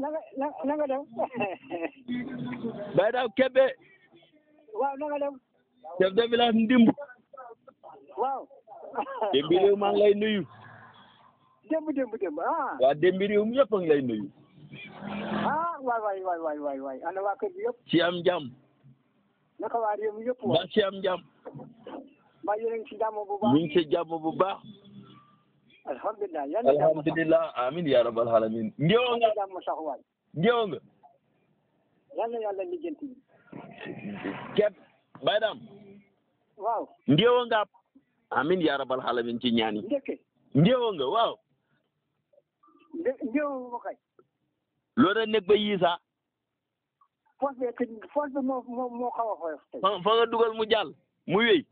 na na na nga waaw na nga def. chef de village waaw. démb réew maa lay nuyu. démb démb démb ah. waa démb réew mi yëpp a ngi lay ah waay waay waay waay waay ana waa kër gi yëpp. ci am jàmm. naka waa waa ci am jàmm. mbaa yéen a ngi ci jàmm bu baax. ñu ngi ci bu baax. alhamdulilah yal na alhamdulilah amin ya rabbal alamin ngéwo nga jàmm sax waay ngéwo nga amin ya rabbal alamin ci ñaan yi nekk ba yiisa force bi force mu jàll mu wéy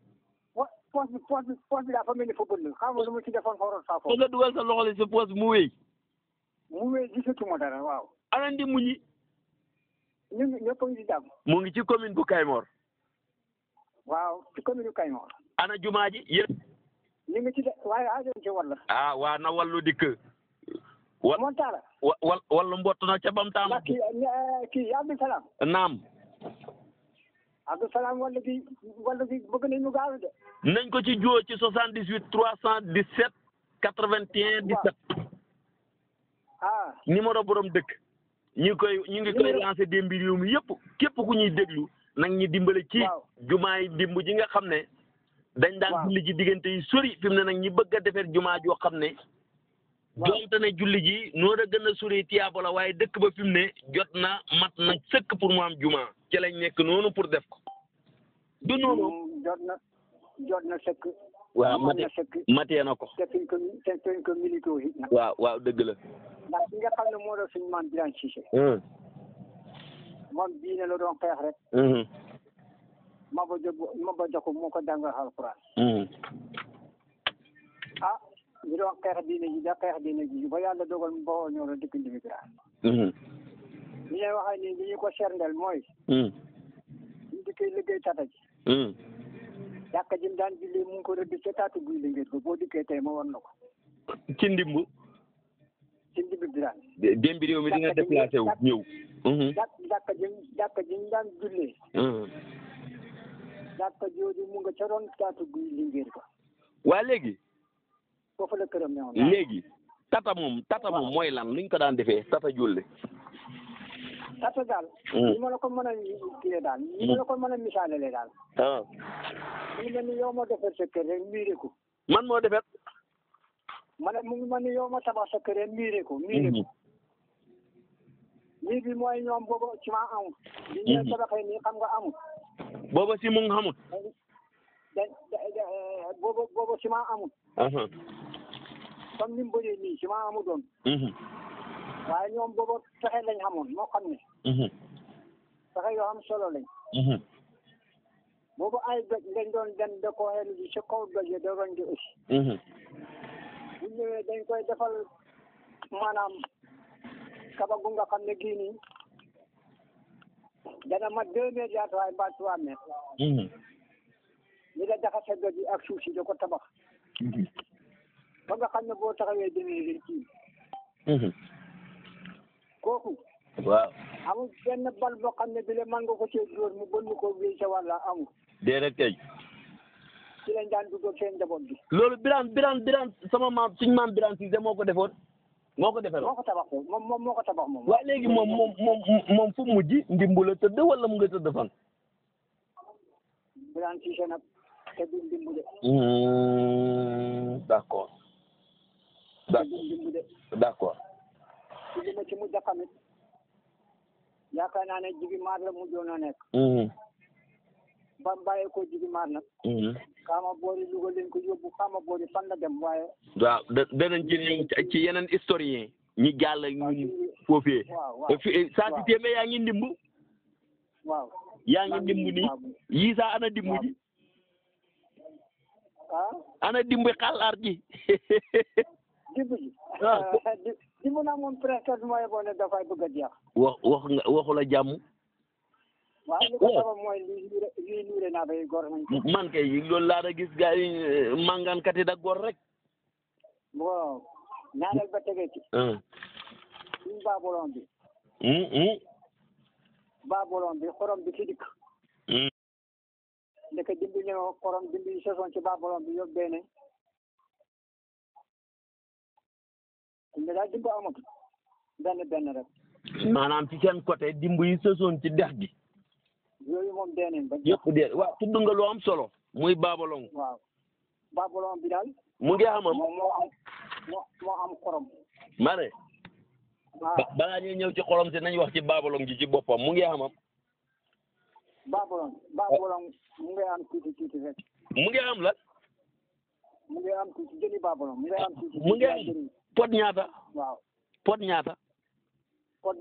poche bi poche bi poche bi daa fa mel ni ci defoon mu ci jàmm. mu ngi ci commune bu Kaymoor. waaw ci commune bu Kaymoor. ana jumaa ji yéen. ñu ngi ci de waaye ah jërëjëf ci wàll. ah waa na wàllu dikk. wa moom taala. na ca bam taam. naam. Abdoussalam wala bi wala bi bëgg nañ ñu gaaw de. nañ ko ci joo ci 78 317 81 17. ah numéro borom dëkk. ñu koy ñu ngi koy lancé démb réew mi yëpp képp ku ñuy déglu nag ñu dimbale ci. jumaa yi dimb ji nga xam ne. dañ daan julli ji diggante yi sori fi mu ne nag ñi bëgg a defar jumaa joo xam ne. donte ne julli ji noo a gën a sori tiyaabo la waaye dëkk ba fi mu ne jot na mat na sëkk pour mu am jumaa. ci nekk noonu pour def ko du noonu jot na jot na sëkk waaw mate matee na ko te fiñ ko waaw dëgg la ndax ki nga xam ne moo doon suñu maam Birane Cissé hmm. moom diine la doon xeex rek Maba Jaxu Maba Jaxu moo ko jàngal alxuraan hmm. ah ñu doon xeex diine ji da xeex diine ji ba yàlla dogal mu baxoo ñoo la dëkk ndimi Birane hmm. li ñuy waxee nii li ñu ko serndeel mooy. Hmm. ñu dikkee liggéey tata ji. Hmm. jàkka ji mu daan julli mu ngi ko rëdd ca taatu guy liggéey ko boo dikkee tey ma war na ko. ci ndimbu. ci ndimbu bi daan. démb bi réew mi dina déplacé wu ñëw. Hmm. jàkka ji jàkka ji mu daan jullee. jàkka jooju mu nga ca doon taatu guy liggéey ko. waa léegi. foofu la këram ñëwoon léegi. tata moom tata moom mooy lan luñ ko daan defee tata julli. tata daal. Mm. ni ma la ko mën a kii daal ni ma mm. la ko mën a misaale daal. waaw. Ah. mu ngi mel ni yow ma defar sa kër rek miire ko. man moo defar. ma ne mu ngi ni yow ma tabax sa kër rek miire ko miire ko. lii mm-hmm. bi mooy ñoom boobu ci ma amul. li ñu leen mm-hmm. tabaxee nii xam nga amul. boobu si mu ngi xamul. da da da boobu boobu si ma waaye ñoom booba pexe lañ xamoon moo xam ne. Mhm. pexe yoo am solo lañ. Mhm. boobu ay doj dañ doon dem ko xel ji ci kaw doj da di aussi. Mhm. bu ñëwee dañ koy defal maanaam kabagu nga xam ne gii nii dana mat deux mètres yaatuwaay mbaa li da jaxase doj yi ak suuf si ko tabax. ba nga xam ne boo taxawee demee rek kooku. waaw amul benn bal boo xam ne bi la mën nga ko cee dóor mu bënn ko wéy sa wàll amul. déedéet kay. ci lañ daan dugg seen njaboot bi. loolu Birane Birane sama maam suñu maam Birane Cissé moo ko defoon moo ko defee moo ko tabax moom moom moo ko tabax moom. léegi moom moom moom moom fu mujj ndimbu la tëdd wala mu nga tëdd fan. Birane Cissé nag te hmm, du ci li ci mujj a xamit yaakaar naa ne jigi maar la mujjoon a nekk mhm. ba bàyyi ko jigi maar nag xama mhm. boori Louga leen ko yóbbu xama boori fan la dem waaye waaw danañ ci ñëw ci yeneen historien ñi jàll ñun foofee eh, eh, saa si téeme yaa ngi ndimb waaw yaa ana dimb ji ana dimb jibi ji ah, ah, di mu naa moom presque mooy boo dafay bëgg a jeex wax wax jàmm mooy lii lii luure man kay loolu laa da gis gars yi euh, màngaankat yi da gor rek waaw ñaanal ba tege ci suñ ah. baabolon bi hmm, hmm. baabolon bi xorom bi ci dikk hmm. ndeke dimbi ñoo xorom dimbi saison ci baabolon bi yóbbee mais daal dimb amatul benn benn rek. maanaam ci seen côté dimb yi sosoon ci dex gi. yooyu moom dee nañ ba. am solo. muy Babalong. waaw Babalong bi daal. mu ngi xamam moom moo am moo am xorom. ma ne. balaa ñuy ñëw ci xorom si nañ wax ci Babalong ji ci boppam mu ngi xamam. Babalong Babalong mu ngi am tuuti tuuti rek. mu ngi am la. mu ngi am tuuti jëli Babalong mu ngi am tuuti. mu ngi am pot ñaata. waaw pot ñaata. pot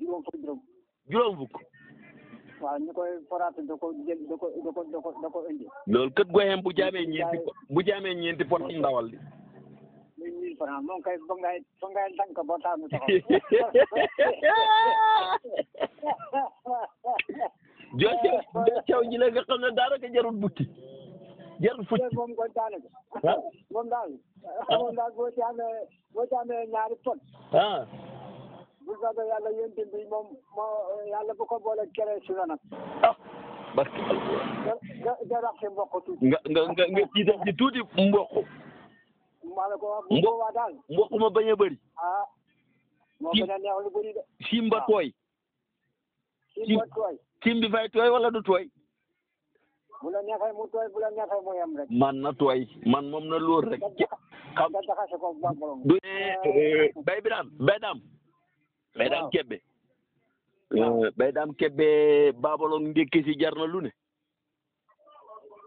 juróom fukk juróom. fukk. koy foraat da ko jël da ko da loolu kët goxeem bu jaamee ñeenti bu jaamee ñeenti pot am ndawal li. muy mille joo joo cew nga xam ne daanaka jarul bukki. jarul fucc moom kontaan na moom daal moom daal boo ci amee boo ci amee ñaari ton ah bu soobee yàlla yéen bi moom moo yàlla bu ko boole kere si na nag ah barke alquran nga rax si mboq tuuti nga nga nga nga jiital ci tuuti mboq maa la ko wax mboq waa daal mboq ma bañ a bëri ah moo gën a neex lu bëri de simba ah. tooy simba tooy sim bi fay tooy wala du tooy bu la neexee mu man na tooy man moom na loor rek. xam nga taxase ko bu du bay bi daam bay daam. bay daam kebbe. bay daam kebbe baabalong ndékki na lu ne.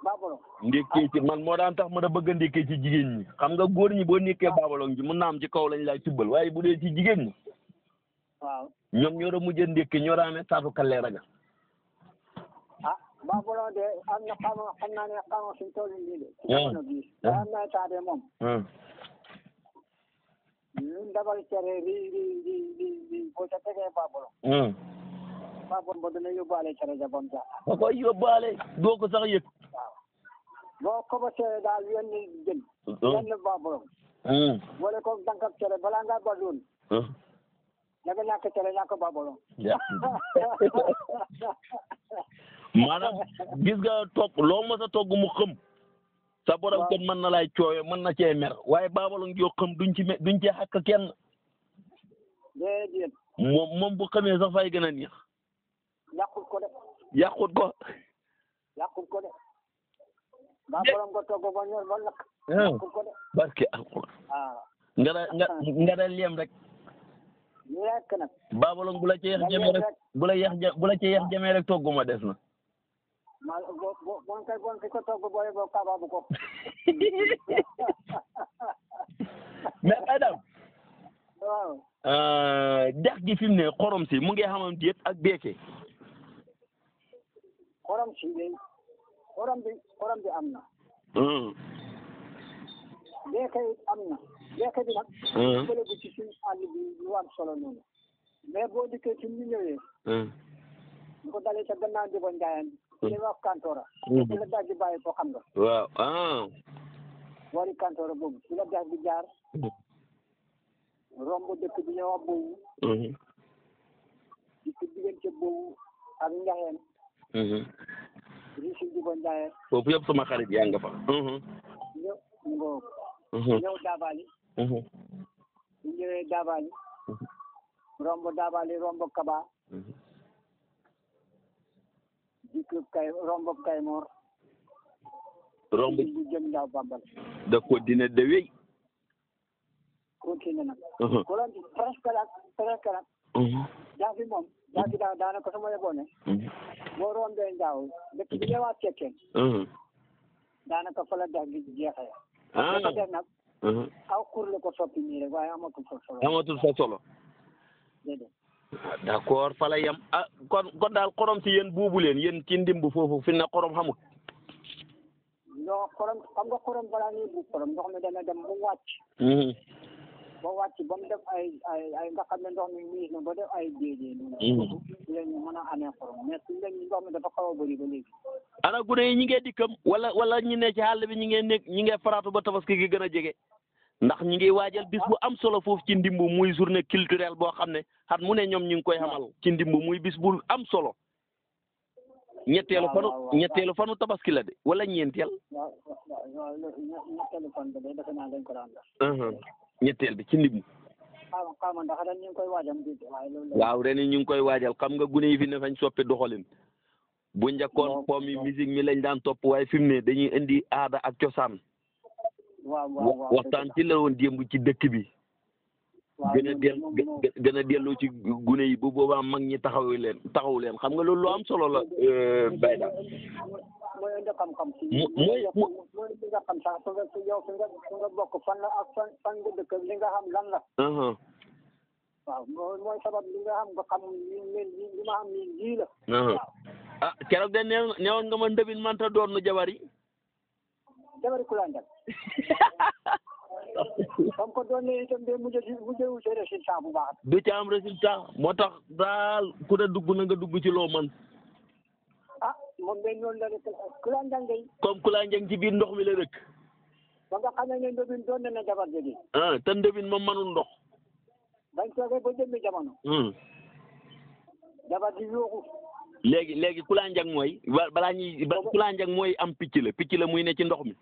baabalong ndékkee man moo daan tax ma da bëgg a ndékkee ci jigéen ñi xam nga góor ñi boo nekkee baabalong ji mën naa am ci kaw lañ laay tibbal waaye bu dee ci jigéen ñi. waaw ñoom ñoo doon mujjee ndékki ñoo daan ne saatu Babaloo de am na xamoo xam naa ne xamoo suñ toll nii de. ci jamono bii am na état de moom. ñun dabal cere ri ri ri ri ri boo ca tegee Babaloo. Babaloo ba dana yóbbaale cere ja bam jaaxal. ba koy yóbbaale doo ko sax yëg. waaw boo ko ba cere daal yónni ni jën. yónni Babaloo. boole ko dankab cere balaa ngaa ba doon. da nga ñàkk cere ñàkk Babaloo. maanaam gis nga toog loo mos a togg mu xëm sa borom mën na laay cooyo mën na cee mer waaye baabalong yoo xam duñ ci duñ cee xàkk kenn moom moom bu xamee sax fay gën a neex yàqut ko de yàqut ko yàqut ah. barke alxuraan ah. nga da nga da leem rek ñu yàq nag baabalong bu la ci yeex jamee rek bu la yeex bu la ci yeex jamee rek togg des na bonke bonke ko toggo fi mu ne xorom si mu ngi xamam yëpp ak beeke xorom si day xorom bi xorom bi am na hmm. beeke it am na beeke bi nag bële hmm. bi ci suñ am solo noonu mais li nga wax mhm. ko xam nga. waaw ah. wari kantoora boobu fi la daaj di jaar. Mhm. romb dëkk bi boobu. ci ci diggante boobu ak Njaxeen. Rishi Juba Njaxeen. foofu yëpp sama xarit yaa nga fa. Mhm. ñëw ngoo. ñëw Daabali. bu ñëwee Daabali. romb Daabali romb Kaba. dikk kay romb Kaymoor. romb bu jëm daaw Bambal. da continuer de wéy. continuer nag. wala uh-huh. presque nag presque nag. Uh-huh. daa fi moom daa fi daaw daanaka sama yeboon ne. Uh-huh. boo rombee ndaaw dëkk bi ñëwaat cekkeen. daanaka fa la dex gi jeexee. ah dafa def nag. aw kur la ko soppi nii rek waaye amatul fa solo. amatul fa solo. déedéet. waaw d' accord yem ah kon kon daal xorom si yéen buubu leen yéen ci ndimb foofu fi na xorom xamut. non xorom xam nga korom balaa ñuy buub xorom ndox mi dana dem ba wàcc. Mhm. ba wàcc ba mu def ay ay ay nga xam ne ndox mi wiis na ba def ay déedéet. léegi ñu mën a amee xorom mais suñ leen a bëri ba léegi. ana gune yi ñi ngee dikkam wala wala ñi ne ci àll bi ñi ngee nekk ñi ngee faraatu ba tabaski gi gën a jege. ndax ñi ngi waajal bis bu am solo foofu ci ndimbu muy journée culturelle boo xam ne xat mu ne ñoom ñu ngi koy xamal ci ndimbu muy bis bu am solo ñetteelu fanu ñetteelu fanu la de wala ñeenteel uh-huh. ñetteel bi ci ndimbu waaw ren ñu ngi koy waajal xam nga gune yi fi ne fañ soppi doxalin bu njëkkoon pom yi musique mi lañ daan topp waaye fi mu ne dañuy indi aada ak cosaan waxtaan ci la woon démb ci dëkk bi. gën a del gën a delloo ci gune yi bu boobaa mag ñi taxawu leen taxawu leen xam nga loolu lu am solo la euh, bay daal mooy indi xam-xam mooy mooy li nga xam sax su nga su yow fi nga fi nga bokk fan la ak fan fan nga dëkk li nga xam lan la uh-huh. waaw mooy sabab li nga xam nga xam li li ma xam ni lii la uh-huh. ah keroog de neewoon nga ma ndëbin manta doon nu jabar yi jabar ku ko doon ne itam day mujj du ci am résultat moo tax daal ku ne dugg na dugg ci loo man ah moom day noonu la rek comme ku ci biir ndox mi la rek nga xam ne ndobin ah, te ndobin moom manul ndox bañ toogee ba jëmmi jamono hmm. léegi léegi ku mooy balaa ñuy ku la mooy am picc la picc la muy ne ci ndox mi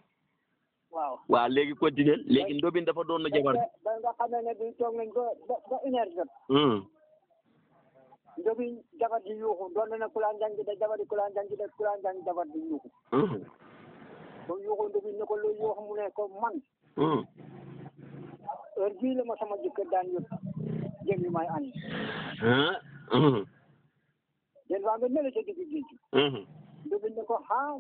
waaw waaw léegi continuer léegi ndobin dafa doon na jabar ba nga xamee ne bi hmm. di yuuxu doon na kulaan jàng de jabar di kulaan jàng de kulaan jàng jabar di yuuxu ba hmm. ndobin ne ko lu yuuxu mu ne ko man hmm. heure bii la ma sama jëkkër daan yëpp jën yi may ànd jën waa nga ne la ca ko xaa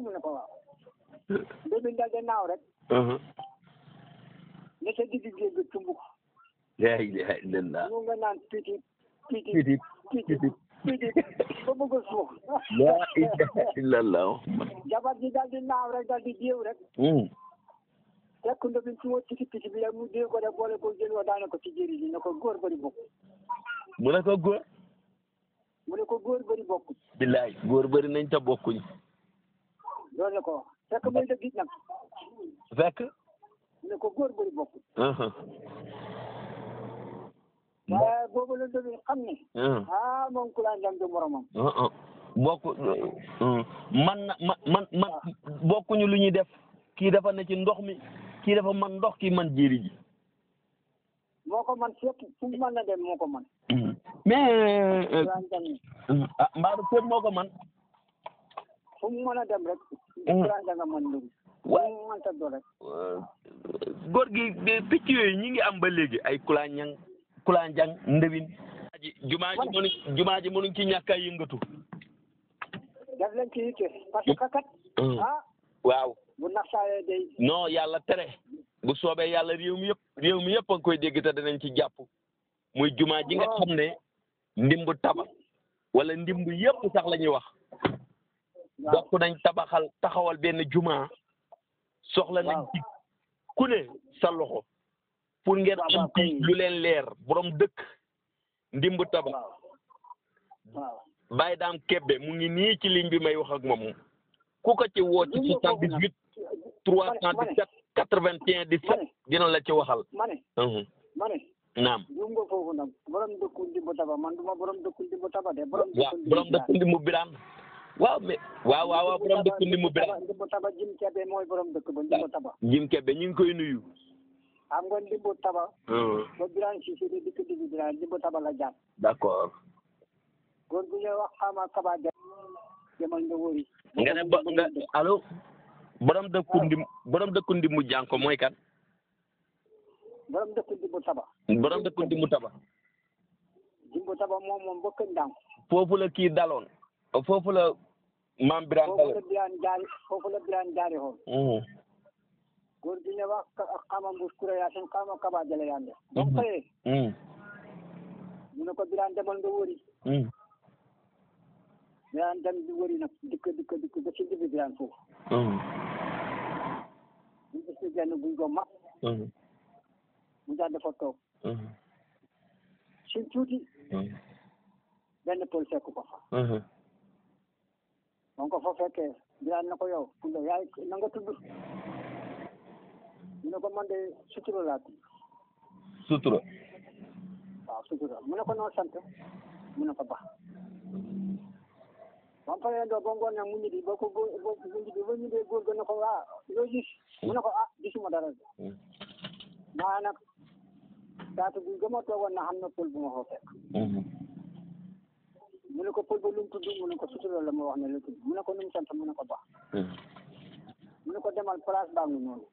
naaw rek Uh-huh. ne sa digg géej gi tumbu ko. la ilaha illallah. mu nga naan pitit pitit pitit pitit ba bëgg a suux. la ilaha illallah. jabar ji daal di naaw rek daal di jéew rek. Hmm. fekk ndox mi su ma piti piti bi rek mu dee ko rek boole ko jël wa daane ko ci jëri ji ne ko góor bëri bokk. mu ne ko góor. mu ne ko góor bëri bokkuñ. billaay góor bëri nañ ta bokkuñ. loolu la ko fekk muy dëgg nag. fekk. ne ko góor bëri bokkul. waaye boobu la demee xam ne. ah moom ku laa dem du moromam. bokk mm, ah. bokkuñu lu ñuy def kii dafa ne ci ndox mi kii dafa man ndox kii man jéeri ji. moo ko man fépp fu mu mën dem moo ko man. mais. Euh, ah Mbadou moo ko man. fu mu mën a dem rek. Fulanja mm. nga mën loolu. góor gi picc yooyu ñi ngi am ba léegi ay kulanjang kulanjang ndewin jumaa ji mënu jumaa ji mënuñ ci ñàkk ay yëngatu daf leen ci yitte parce que kat mm. ah waaw bu naxsaayee day non yàlla tere bu soobee yàlla réew mi yëpp réew mi yëpp a koy dégg te danañ ci jàpp muy jumaa ji nga xam ne ndimb tabax wala ndimb yëpp sax la ñuy wax bokk nañ tabaxal taxawal benn jumaa soxla nañ ci ku ne sa loxo pour ngeen am lu leen leer borom dëkk ndimb taba bàyyi daam kebbe mu ngi nii ci ligne bi may wax ak moom ku ko ci woo ci soixante dix huit trois cent quatre vingt un dix sept dina la ci waxal naam juum nga foofu nag borom dëkku ndimb taba man duma borom dëkku ndimb biraan waaw mais waaw waaw waaw Jim Kebe mooy borom dëkk ba Ndimbu Taba. Jim Kebe ñu ngi koy nuyu. xam nga Ndimbu Taba. Oh. ba Birame Cissé di dikk di Birame Ndimbu Taba la jaar. d'accord. góor gu ñuy wax xaama Kaba Dia. demal nga wóori. nga ne ba nga allo. borom dëkku Ndim borom mooy kan. borom dëkku Ndimbu Taba. borom dëkku Ndimbu Taba. Ndimbu Taba moom moom ba Kër Ndànk. foofu kii daloon. foofu la maam Birane Talla foofu la Birane jaari foofu la Birane jaari hoo góor gi ne wax xama mbus kure yaa sen xama kaba jale yaa nde donc mm-hmm. xëyee mm-hmm. mu ne ko Birane demal nga wëri mm-hmm. Birane dem di wëri nag dikk dikk dikk ba ci digg Birane foofu ñu gis ci genn guy go mag mu daal dafa toog si tuuti benn pël fekk ko fa ba nga ko fa fekkee bilaal na ko yow Kounda yaay na ko man de sutura laa tudd. sutura. waaw sutura mu ne ko noo mu ne ko ba mu paree doo ba ngoon mu ñibbi ba ko góor mu ñibbi ba ñibbee góor gën a ko waa ah, loo gis mu ne ko ah gisuma dara de. Mm. maa nag taatu bi gën a toogoon na xam na pël bu ma ko mu ne ko pël ba mu tudd mu ne ko wax ne la tudd mu ne ko nu mu sant mu ko baax. Hmm. mu ne ko demal place baa ngi noonu.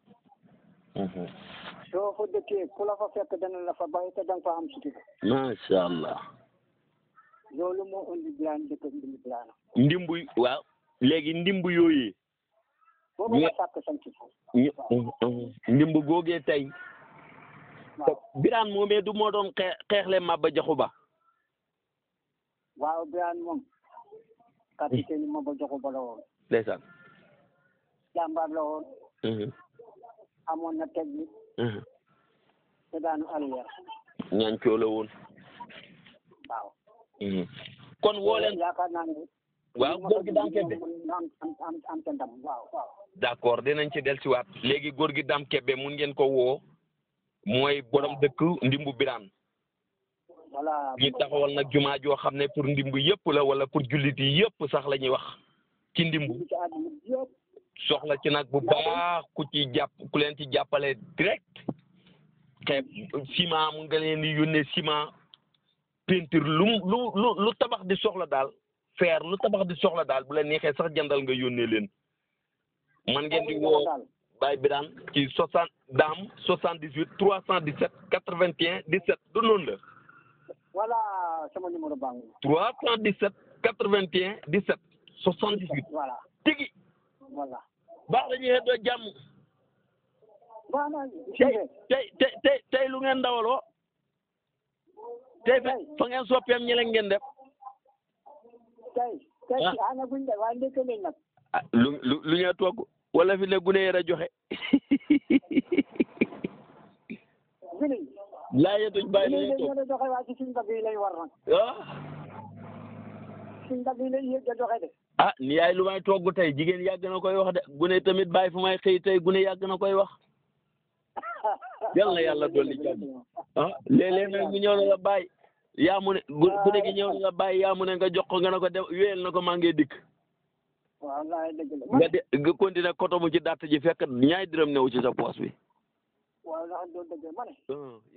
Hmm. soo fa dëkkee ku la fa fekk dana la fa bàyyi te danga fa am sutura. allah. ndimbu waaw léegi ndimbu yooyu. boobu nga sàkk sant hmm, ndimbu googee tey. waaw moomee du moo doon xeexle Maba Jaxu Ba. waaw Birane moom. capitaine ma ba joxu ba la woon. ndeysaan. jàmbaar la mhm. amoon na teg bi. Mhm. te daanu arrière. ñaan mhm. kon woo leen yaakaar naa ne. waaw góor gi daam kebbe am am ca ndam waaw waaw. léegi góor gi daam kebbe mun ngeen ko woo. mooy borom dëkk ndimbu Birane. ñu taxawal nak juma jo xamne pour ndimbu yépp la wala pour julit yi yépp sax lañuy wax ci ndimbu soxla ci nak bu baax ku ci japp ku len ci jappalé direct Kay sima mu nga len di yone sima peinture lu lu lu tabax di soxla dal fer lu tabax di soxla dal bu len nexé sax jandal nga yone len man ngeen di wo bay bi dan ci 60 dam 78 317 huit 17 du non la voilà sama numéro baa ngi. 317 81 17 78. voilà tigi. voilà. baax la ñuy xëddoo jàmm. baax na tey tey tey tey lu ngeen dawaloo. tey fa ngeen soppeem ñi leen ngeen def. tey tey ah. ana guñ de waaye ndekki nañ nag. ah lu lu lu ñu togg wala fi ne gune yi joxe. laajee duñ bàyyi la ñuy yi lañ war ah. ah, ni yaay lu may togg tey jigéen yàgg na koy wax de gune tamit bàyyi fu may xëy tey gune yàgg na koy wax. yal na yàlla dolli jàmm ah mu ñëw na nga bàyyi yaa mu ne ku nekk ñëw na nga bàyyi yaa mu ne nga jox ko nga ne ko dem wéyal na ko maa ngi dikk. waaw laay dëgg la nga de nga koto mu ci dàtt ji fekk ñaay dërëm newu ci sa poos bi. waaw